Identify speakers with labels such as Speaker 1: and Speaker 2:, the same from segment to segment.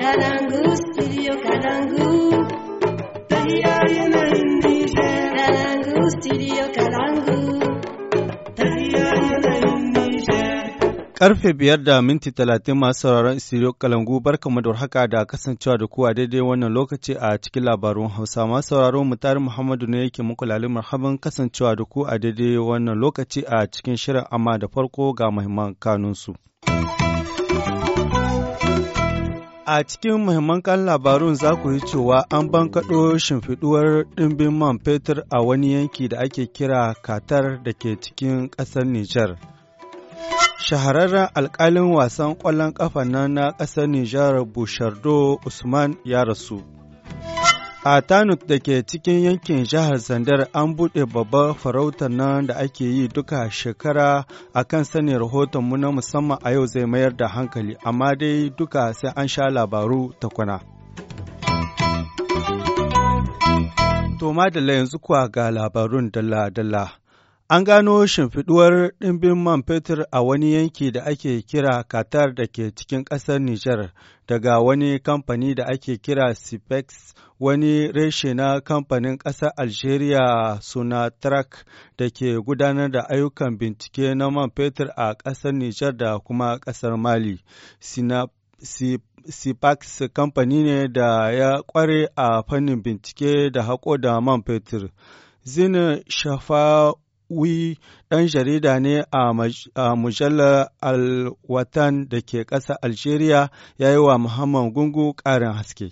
Speaker 1: Kalangu, studio studio Karfe biyar da minti talatin masu sauraron studio Kalangu barkamu da haka da kasancewa da kuwa daidai wannan lokaci a cikin labarun Hausa. Masu sauraron mutari Muhammadu ne yake muku lalin marhaban kasancewa da ku a daidai wannan lokaci a cikin shirin amma da farko ga muhimman kanunsu. A cikin muhimman kan labarun za ku yi cewa an bankaɗo shimfiɗuwar ɗimbin man fetur a wani yanki da ake kira Katar da ke cikin ƙasar Nijar. Shahararren alƙalin wasan ƙwallon ƙafa na ƙasar Nijar Bushardo Usman ya rasu. A Tanut da ke cikin yankin jihar Zandar an buɗe babbar farautar nan da ake yi duka shekara a kan sanin mu na musamman a yau zai mayar da hankali, amma dai duka sai an sha labaru takwana. To da yanzu kuwa ga labarun dalla-dalla. An gano shimfiduwar ɗimbin man fetur a wani yanki da ake kira Qatar da ke cikin ƙasar Nijar daga wani kamfani da ake kira Sipex, wani reshe na kamfanin ƙasar Algeria Sunatrak da ke gudanar da ayyukan bincike na man fetur a ƙasar Nijar da kuma ƙasar Mali. Sinap kamfani ne da ya ƙware a fannin bincike da haƙo da man fetur. Zina Shafa Wi ɗan jarida ne a mujallar Al-Watan da ke ƙasa Algeria ya yi wa Muhammad Gungu ƙarin haske.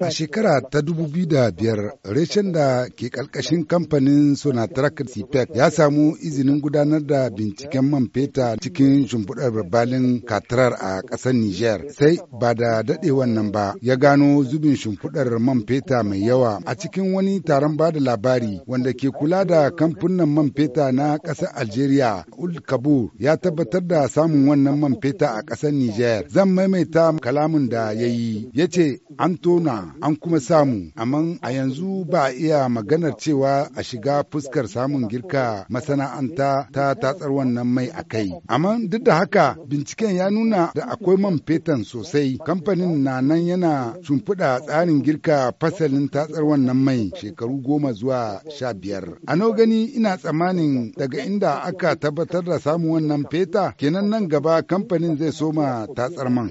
Speaker 2: A shekara ta da biyar reshen da ke ƙarƙashin kamfanin Sonatrach CPEC ya samu izinin gudanar da binciken man feta cikin shimfiɗar babbalin Katarar a ƙasar Nijar. Sai ba da daɗe wannan ba ya gano zubin shimfiɗar man feta mai yawa a cikin wani taron ba da labari wanda ke kula da kamfunan man feta na ƙasar Algeria Ul Kabur ya tabbatar da samun wannan man feta a ƙasar Niger. Zan maimaita kalamin da ya yi. Ya ce an tona an kuma samu, amma a yanzu ba a iya maganar cewa a shiga fuskar samun girka masana'anta ta tatsar wannan mai a kai. Amma duk da haka binciken ya nuna da akwai man fetan sosai. Kamfanin na nan yana shimfiɗa tsarin girka fasalin tatsar wannan mai shekaru goma zuwa sha biyar. A nau gani ina tsammanin daga inda aka tabbatar da samun wannan feta kenan nan gaba kamfanin zai soma tatsar man.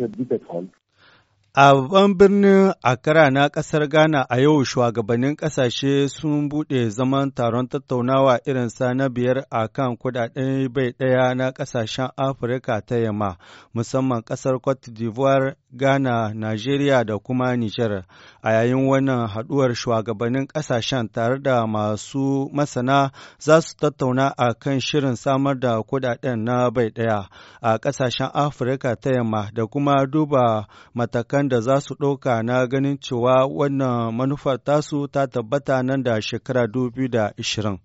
Speaker 1: A babban birnin Accra na ƙasar Ghana a yau shugabannin ƙasashe sun buɗe zaman taron tattaunawa irin sa na biyar a kan kuɗaɗen bai ɗaya na ƙasashen Afirka ta yamma, musamman ƙasar Cote d'Ivoire, Ghana, Najeriya da kuma Nijar. A yayin wannan haɗuwar shugabannin ƙasashen tare da masu masana za su tattauna a kan shirin samar da kuɗaɗen na bai ɗaya a ƙasashen Afirka ta yamma da kuma duba matakan da za su ɗauka na ganin cewa wannan manufar tasu ta tabbata nan da shekara 2020.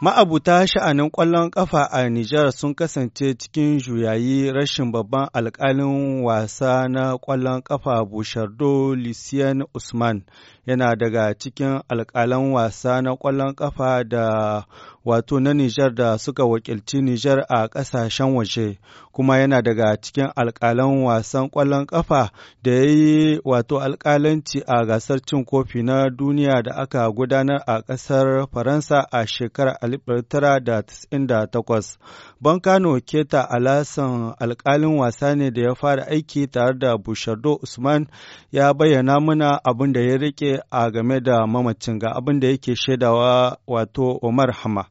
Speaker 1: Ma'abuta sha'anin ƙwallon ƙafa a Nijar sun kasance cikin juyayi rashin babban alƙalin wasa na ƙwallon ƙafa Bushardo Lucien Usman yana daga cikin alƙalan wasa na ƙwallon ƙafa da wato na Nijar da suka wakilci Nijar a ƙasashen waje, kuma yana daga cikin alƙalan wasan ƙwallon ƙafa da ya yi wato alƙalanci a gasar cin kofi na duniya da aka gudanar a ƙasar Faransa a shekarar 1998. Bankano Keta Alasan alƙalin wasa ne da ya fara aiki tare da Bushardo Usman ya bayyana mana abin da ya riƙe. a game da mamacin ga abin da yake shaidawa wato Omar Hama.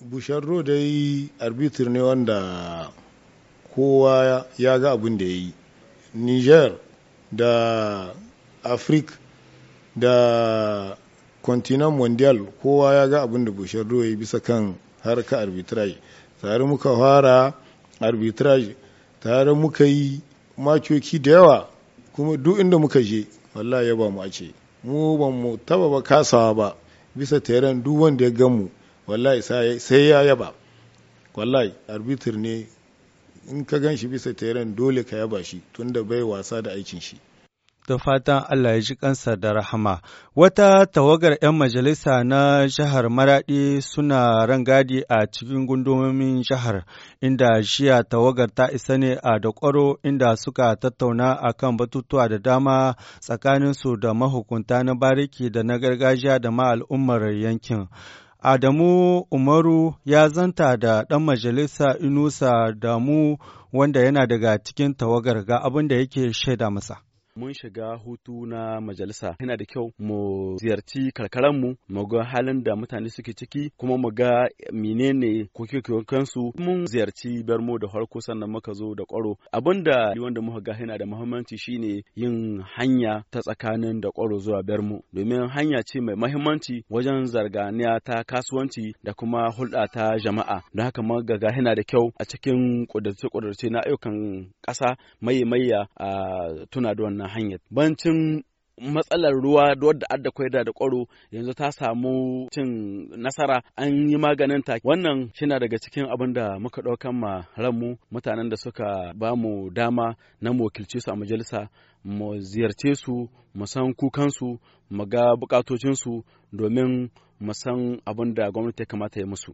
Speaker 3: Busharro dai arbitr ne wanda kowa ya ga abin da ya yi. Niger da Afrik da kontinan mondial kowa ya ga abin da Busharro ya yi bisa kan harka arbitrage. Tare muka fara arbitrage tare muka yi makoki da yawa kuma duk inda muka je wallahi ya ba mu ce. mu ban mu taba ba kasawa ba bisa teren duk wanda ya gamu wallahi sai ya yaba wallahi arbitr ne in ka gan shi bisa teren dole ka yaba shi tunda bai wasa da aikin shi
Speaker 1: da fatan Allah ya ji kansa da rahama. Wata tawagar 'yan majalisa na jihar Maraɗi suna rangadi a cikin gundumomin jihar, inda jiya tawagar ta isa ne a Dakwaro inda suka tattauna a kan batutuwa da dama tsakaninsu da mahukunta na bariki da na gargajiya da ma al'ummar yankin. Adamu Umaru ya zanta da ɗan majalisa Inusa da mu wanda yana daga cikin tawagar ga abin da yake shaida masa.
Speaker 4: mun shiga hutu na majalisa yana da kyau mu ziyarci karkaranmu mu ga halin da mutane suke ciki kuma mu ga menene kansu mun ziyarci Bermo da harko sannan muka zo da kwaro abinda wanda muka ga yana da muhimmanci shine yin hanya ta tsakanin da kwaro zuwa Bermo domin hanya ce mai muhimmanci wajen zarganiya ta kasuwanci da kuma hulɗa ta jama'a don haka muka ga yana da kyau a cikin kudurce-kudurce na ayyukan ƙasa mai maiya a tuna da wannan wannan hanyar bancin matsalar ruwa wadda adda kwaida da kwaro yanzu ta samu cin nasara an yi maganin ta wannan shina daga cikin abin da muka ɗaukan ma ranmu mutanen da suka ba mu dama na mu su a majalisa mu ziyarce su mu san kukansu mu ga bukatocinsu domin mu san abin da gwamnati ya kamata ya musu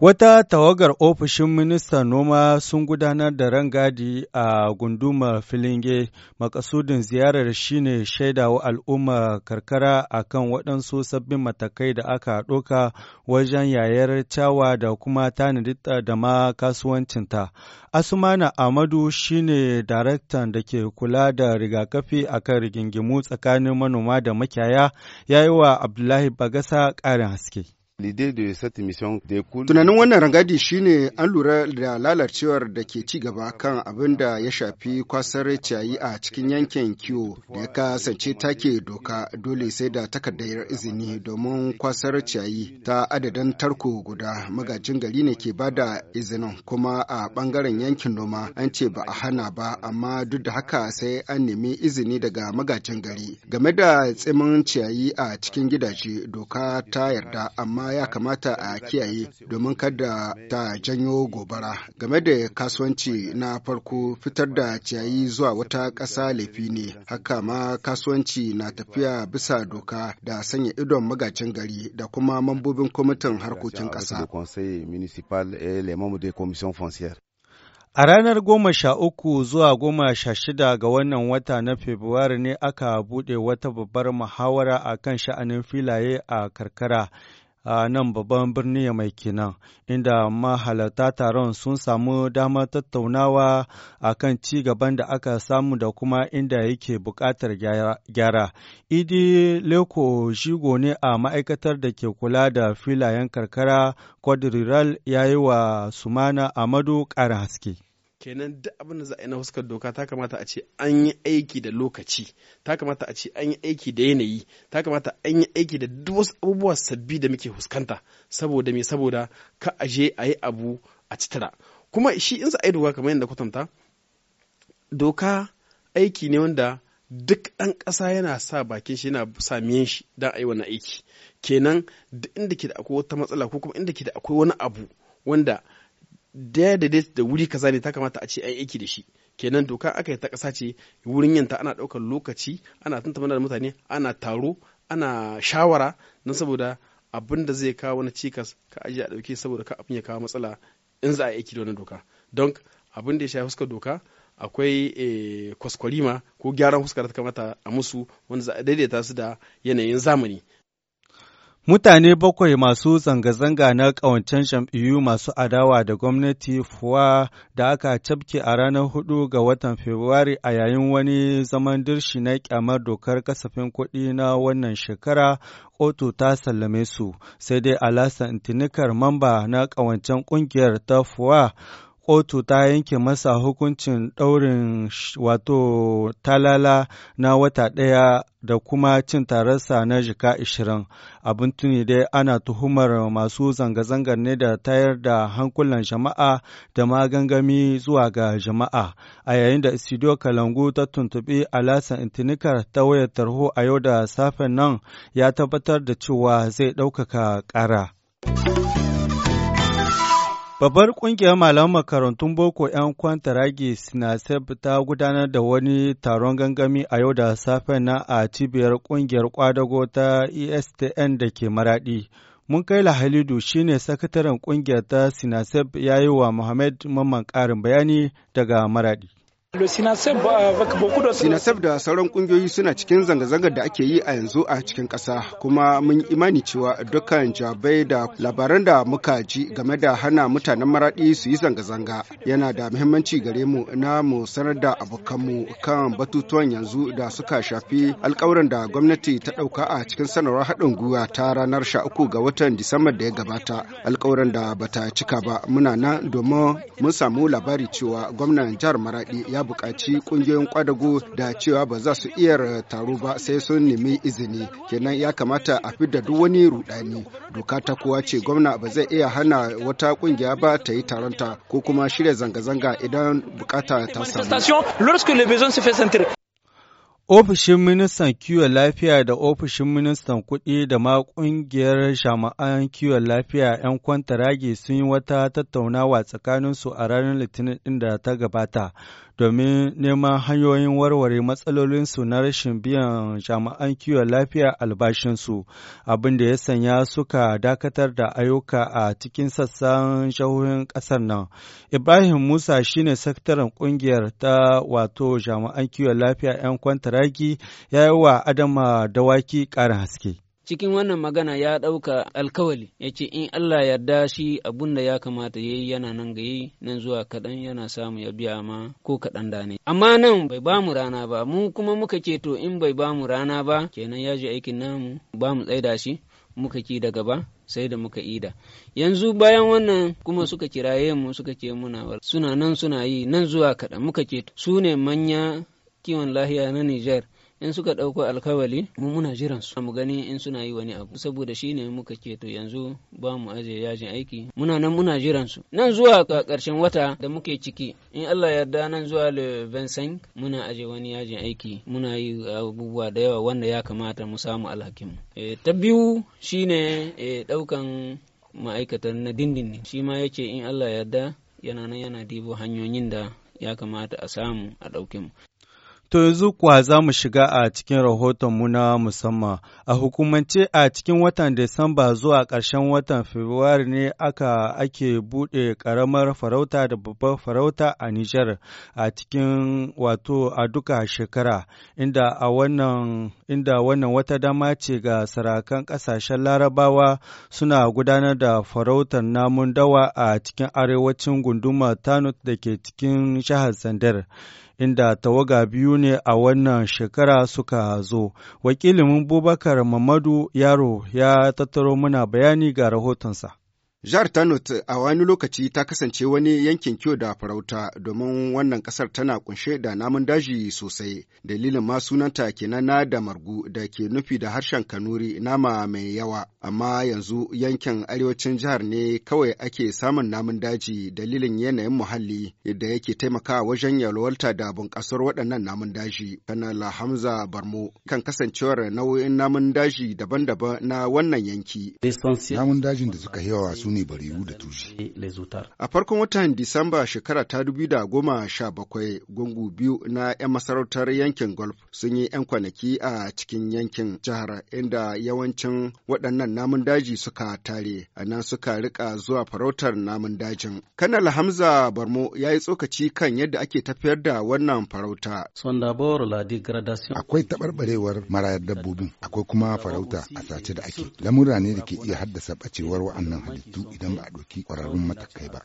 Speaker 1: Wata tawagar ofishin ministan noma sun gudanar da rangadi a gunduma filinge makasudin ziyarar shine shaidawa al'umma karkara akan waɗansu sabbin matakai da aka ɗoka wajen yayar cawa da kuma tanadita da ma kasuwancinta. Asumana Amadu shine daraktan da ke kula da rigakafi akan rigingimu tsakanin manoma da makiyaya ya yi wa Abdullahi Bagasa ƙarin haske. Tunanin
Speaker 3: wannan rangadi shine an lura da lalacewar da ke ci gaba kan abin da ya shafi kwasar ciyayi a cikin yankin kiwo da ya kasance take doka dole sai da takardar izini domin kwasar ciyayi ta adadin tarko guda magajin gari ne ke bada izinin kuma a bangaren yankin noma an ce ba a hana ba amma duk da haka sai an nemi izini daga magajin gari game da tsimin ciyayi a cikin gidaje doka ta yarda amma kuma ya kamata a kiyaye domin kada ta janyo gobara. Game da kasuwanci na farko fitar da ciyayi zuwa wata ƙasa laifi ne, haka ma kasuwanci na tafiya bisa doka da sanya idon magacin gari da kuma mambobin kwamitin harkokin ƙasa.
Speaker 1: A ranar goma sha uku zuwa goma sha shida ga wannan wata na Fabrairu ne aka buɗe wata babbar muhawara a kan sha'anin filaye a karkara, a nan babban birni mai kenan inda mahalarta taron sun samu damar tattaunawa a kan ci gaban da aka samu da kuma inda yake buƙatar gyara. Idi Leko shigo ne a ma'aikatar da ke kula da filayen karkara kwadriral ya yi wa Sumana Amadu ƙara haske.
Speaker 5: kenan duk abin da za a yi na huskar doka ta kamata a ce an yi aiki da lokaci ta kamata a ce an yi aiki da yanayi ta kamata an yi aiki da duk wasu abubuwa sabbi da muke huskanta saboda me saboda ka aje a yi abu a citara kuma shi in za a yi doka kamar yadda kwatanta doka aiki ne wanda duk ɗan ƙasa yana sa bakin shi yana sa miyan shi don a yi wani aiki kenan duk inda ke da akwai wata matsala ko kuma inda ke da akwai wani abu wanda da da wuri kaza ne ta kamata a ce ai aiki da shi kenan doka aka yi ta ƙasa ce wurin yanta ana ɗaukar lokaci ana tantamana da mutane ana taro ana shawara na saboda abin da zai kawo wani cikas ka aji a ɗauke saboda ka abin ya kawo matsala in za a yi aiki da wannan doka don abin da ya shafi fuskar doka akwai eh, kwaskwarima ko gyaran fuskar ta kamata a musu wanda za a daidaita su da yanayin zamani
Speaker 1: Mutane bakwai masu zanga-zanga na ƙawancen jam'iyyu masu adawa da gwamnati fuwa da aka cafke a ranar hudu ga watan Fabrairu a yayin wani zaman dirshi na kyamar dokar kasafin kuɗi na wannan shekara, kotu ta sallame su, sai dai Alasan tinikar mamba na ƙawancen ƙungiyar ta fuwa kotu ta yanke masa hukuncin ɗaurin wato talala na wata ɗaya da kuma cin tararsa na jika ashirin abin tuni dai ana tuhumar masu zanga-zangar ne da tayar da hankulan jama'a da magangami zuwa ga jama'a a yayin da studio kalangu ta tuntuɓi alasan intinikar ta wayar tarho a yau da safen nan ya tabbatar da cewa zai ɗaukaka ƙara. Babbar ƙungiyar malaman makarantun boko 'yan kwantaragi Sinasef ta gudanar da wani taron gangami a yau da safen na a cibiyar ƙungiyar kwadago ta ESTN da ke maraɗi. Mun kai Halidu shine sakataren ƙungiyar ta Sinasef ya yi wa Muhammad Mamman ƙarin bayani daga maraɗi.
Speaker 3: Sinasef da sauran kungiyoyi suna cikin zanga-zangar da ake yi a yanzu a cikin ƙasa kuma mun imani cewa dukkan jabai da labaran da muka ji game da hana mutanen maraɗi su yi zanga-zanga yana da muhimmanci gare mu na mu sanar da abokanmu kan batutuwan yanzu da suka shafi alkawuran da gwamnati ta ɗauka a cikin sanarwar haɗin gwiwa ta ranar sha uku ga watan disambar da ya gabata alkawuran da bata cika ba muna nan domin mun samu labari cewa gwamnan jihar Maraɗi ya ya buƙaci ƙungiyoyin kwadago da cewa ba za su iya taro ba sai sun nemi izini kenan ya kamata a fidda duk wani rudani doka ta kowa ce gwamna ba zai iya hana wata ƙungiya ba ta yi taronta ko kuma shirya zanga-zanga idan bukata ta
Speaker 6: samu
Speaker 1: Ofishin Ministan Kiwon Lafiya da Ofishin Ministan Kuɗi da ma ƙungiyar shama'an kiwon lafiya 'yan kwantarage sun yi wata tattaunawa tsakaninsu a ranar Litinin ɗin da ta gabata domin neman hanyoyin warware matsalolinsu na rashin biyan jami'an kiwon lafiya albashinsu abin da ya sanya suka dakatar da ayyuka a cikin sassan jihohin ƙasar nan ibrahim musa shine sakataren ƙungiyar ta wato jami'an kiwon lafiya 'yan kwantaragi ya yi wa adama dawaki ƙarin haske
Speaker 6: cikin wannan magana ya ɗauka alkawali ya ce in Allah yarda shi abun da ya kamata ya yi yana nan gayi nan zuwa kaɗan yana samu ya biya ma ko kaɗan da ne amma nan bai ba mu rana ba mu kuma muka ce to in bai ba mu rana ba kenan ya ji aikin namu ba mu tsaida shi muka ki da gaba sai da muka ida yanzu bayan wannan kuma suka kiraye mu suka ce muna suna nan suna yi nan zuwa kaɗan muka ce su ne manya kiwon lahiya na Nijar in suka ɗauko alkawali mu muna jiran su mu gani in suna yi wani abu saboda shi ne muka ke to yanzu ba mu aje yajin aiki muna nan muna jiran su nan zuwa ƙarshen wata da muke ciki in Allah yarda nan zuwa le 25 muna aje wani yajin aiki muna yi abubuwa da yawa wanda ya kamata mu samu alhakin mu. Eh, ta biyu shine eh, ɗaukan ma'aikatan na dindindin shi ma ya in Allah yarda yana nan yana dibo hanyoyin da ya kamata a samu a ɗauke mu.
Speaker 1: To yanzu kuwa za mu shiga a cikin rahotonmu na musamman. A hukumance a cikin watan Disamba zuwa ƙarshen watan Fabrairu ne aka ake buɗe ƙaramar farauta da babbar farauta a Nijar a cikin wato a duka shekara, inda a wannan inda wannan wata dama ce ga sarakan ƙasashen Larabawa suna gudanar da farautar namun dawa a cikin arewacin gunduma Tanut da ke cikin jihar Zandar. inda tawaga biyu ne a wannan shekara suka zo. Wakilin Bubakar Mamadu Yaro ya tattaro muna bayani ga rahotonsa.
Speaker 3: Jihar Tanut a wani lokaci ta kasance wani yankin kyau da farauta domin wannan kasar tana kunshe da namun daji sosai. Dalilin ma sunanta ke na da margu da ke nufi da harshen Kanuri nama mai yawa. Amma yanzu yankin arewacin jihar ne kawai ake samun namun daji dalilin yanayin muhalli da yake taimakawa wajen yalwalta da bunƙasar waɗannan namun daji. Kanala Hamza Barmo kan kasancewar nau'in namun daji daban-daban na wannan yanki. Namun dajin da
Speaker 2: suka yawa ne da tushe.
Speaker 3: A farkon watan Disamba shekara ta da goma sha bakwai gungu biyu na 'yan masarautar yankin Golf sun yi 'yan kwanaki a cikin yankin jihar inda yawancin waɗannan namun daji suka tare a nan suka rika zuwa farautar namun dajin. Kanal Hamza Barmo ya yi tsokaci kan yadda ake tafiyar da wannan farauta.
Speaker 2: Akwai taɓarɓarewar marayar dabbobin, akwai kuma farauta a sace da ake. Lamura ne da ke iya haddasa ɓacewar wa'annan halittu idan ba a ɗauki ƙwararrun matakai ba.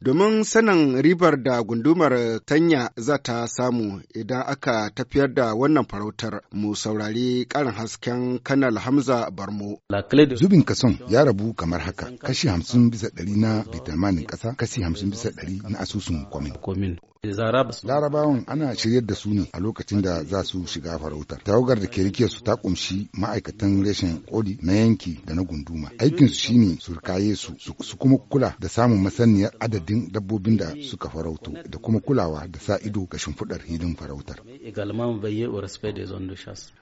Speaker 3: Domin sanin ribar da gundumar tanya za ta samu idan aka tafiyar da wannan farautar mu saurari ƙarin hasken kanal Hamza
Speaker 2: Barmo. Zubin kason ya rabu kamar haka kashi hamsin bisa ɗari na bitamanin ƙasa kashi hamsin bisa ɗari na asusun kwamin. Eh, Larabawan ana shiryar da su ne a lokacin da za su shiga farautar. Tawagar da ke rike su ta kumshi ma'aikatan reshen koli na yanki da na gunduma. Aikinsu shine su rikaye su su kuma kula da samun masaniyar adadin dabbobin da suka farauto da kuma kulawa da sa ido ga shimfiɗar hidin farautar.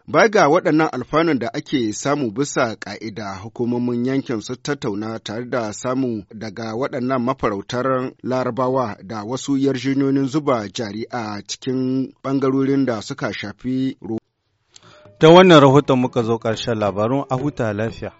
Speaker 3: Ba ga waɗannan alfanun da ake samu bisa ƙa'ida hukumomin yankin su tattauna tare da samu daga waɗannan mafarautar larabawa da wasu yarjinonin zuba jari a cikin ɓangarorin
Speaker 1: da suka shafi ruwa. Ta wannan rahoton muka zo ƙarshen labarun a huta lafiya.